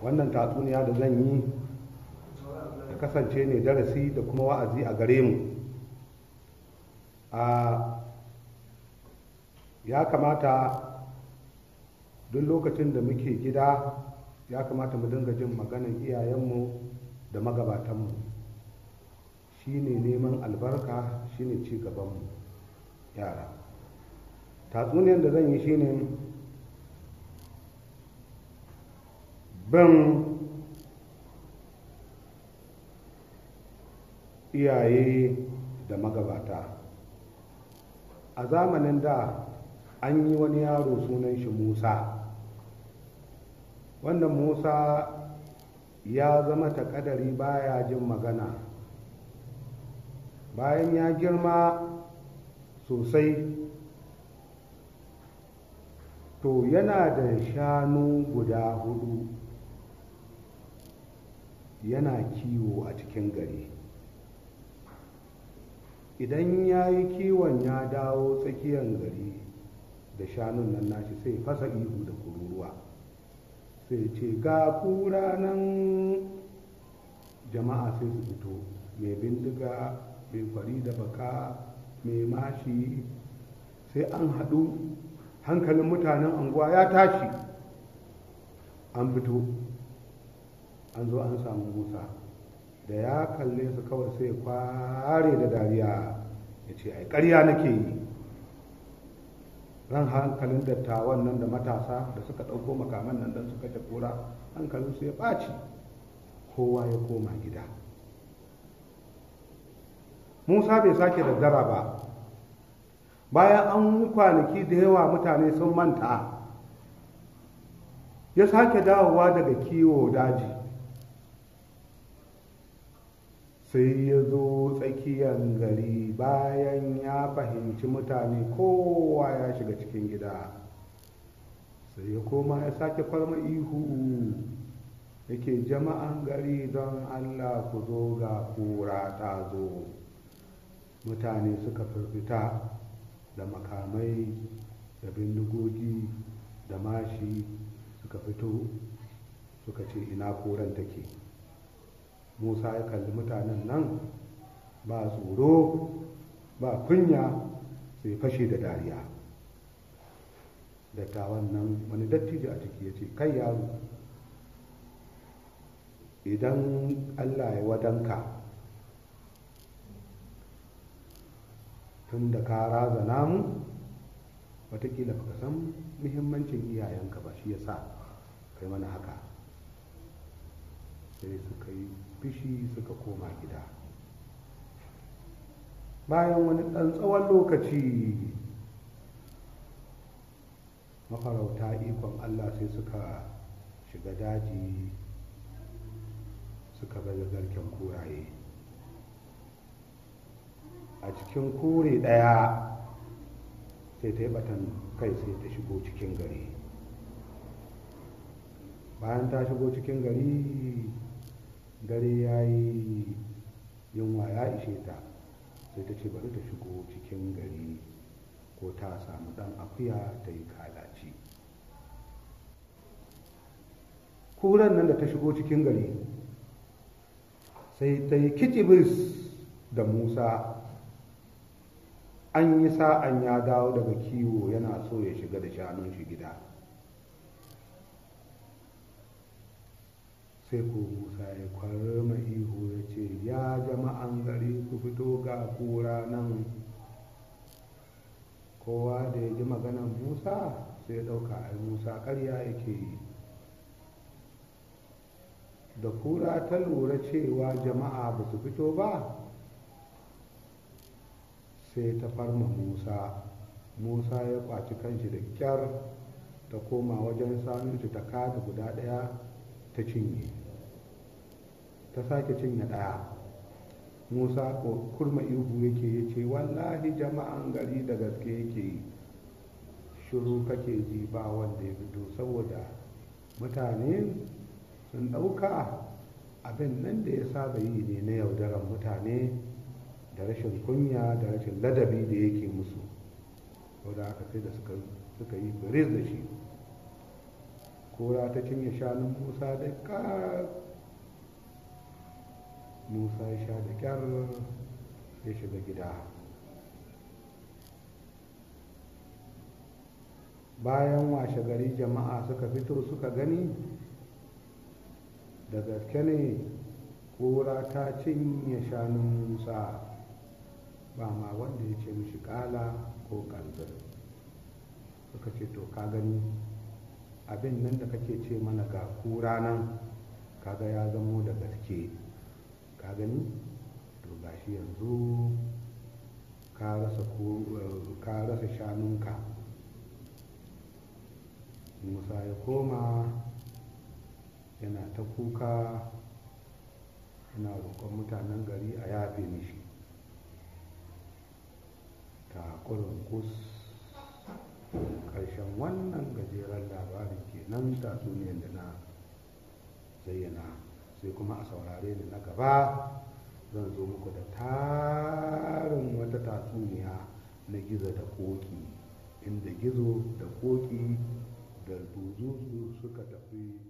wannan tatsuniya da zan yi ta kasance ne darasi da kuma wa'azi a gare mu ya kamata duk lokacin da muke gida ya kamata mu dinga jin maganin iyayenmu da magabatanmu shi ne neman albarka shi ne gabanmu yara tatsuniyar da zan yi shi ne ban iyaye da magabata a zamanin da an yi wani yaro sunan shi musa wanda musa ya zama kadari baya jin magana bayan ya girma sosai to yana da shanu guda hudu yana kiwo a cikin gari idan ya yi kiwon ya dawo tsakiyar gari da shanun nan nashi sai fasa ihu da kururuwa sai ce ga kura nan jama'a sai su fito mai bindiga mai fari da baka mai mashi sai an haɗu hankalin mutanen anguwa ya tashi an fito an zo an samu musa da ya kalle su kawai sai kware da dariya ya ce ai ƙarya nake yi ran hankalin dattawan nan da matasa da suka ɗauko makaman nan don suka kura hankalin su ya ɓaci kowa ya koma gida musa bai sake daddara ba bayan an kwanaki da yawa mutane sun manta ya sake dawowa daga kiwo daji sai ya zo tsakiyar gari bayan ya fahimci mutane kowa ya shiga cikin gida sai ya koma ya sake farma ihu yake jama'an gari don allah ku zo ga kura ta zo mutane suka firfita da makamai da bindigogi da mashi suka fito suka ce ina koren take musa ya kalli mutanen nan ba tsoro ba kunya sai fashe da dariya dattawan nan wani dattijo a ciki ya ce kai yaro idan allah ya wadanka tun da ka razana mu ba ka san muhimmancin iyayenka ba shi ya sa kai mana haka sai suka yi fishi suka koma gida bayan wani ɗan tsawon lokaci mafarauta ikon allah sai suka shiga daji suka bada garken kuraye a cikin kure ɗaya sai ta yi batan kai sai ta shigo cikin gari bayan ta shigo cikin gari dare ya yi yunwa ya ishe ta sai ta ce bari ta shigo cikin gari ko ta samu dan akuya ta yi kalaci kuran nan da ta shigo cikin gari sai ta yi kicibis da musa an yi sa'an ya dawo daga kiwo yana so ya shiga da shanun shi gida sai ko musa ya mai ihu ya ce ya jama'an gari ku fito ga kura nan kowa da ya ji maganan musa sai ɗauka a musa ƙarya yake yi da kura ta lura cewa jama'a ba su fito ba sai ta farma musa musa ya kwaci kanshi da kyar ta koma wajen samunci ta kada guda ɗaya ta cinye ta sake cinye ɗaya musa kurma ihu yake ya ce wallahi jama'an gari da gaske yake yi shiru kake ji ba wanda ya fito saboda mutane sun ɗauka abin nan da ya saba yi ne na yaudarar mutane da rashin kunya da rashin ladabi da yake musu wadda aka sai da suka yi firis da shi kora ta cinye shanun musa da ƙar musa ya sha da ƙyar ya shiga gida bayan washe gari jama'a suka fito suka gani da gaske ne kora ta cinye shanun musa ba ma wanda ya ce mishi ƙala ko ƙalbir suka ce to ka gani abin nan da kake ce mana ga kura nan kaga ya zamo da gaske ka gani to gashi yanzu ka rasa shanunka musa ya koma yana ta kuka yana roƙon mutanen gari a yafe mishi ta kurin kus ƙarshen wannan gajeren labarin kenan tatsuniyar da na zayyana sai kuma a saurare ni na gaba zan zo muku da tarin wata tatsuniya na gizo da koki inda gizo da koki da buzuzu suka tafi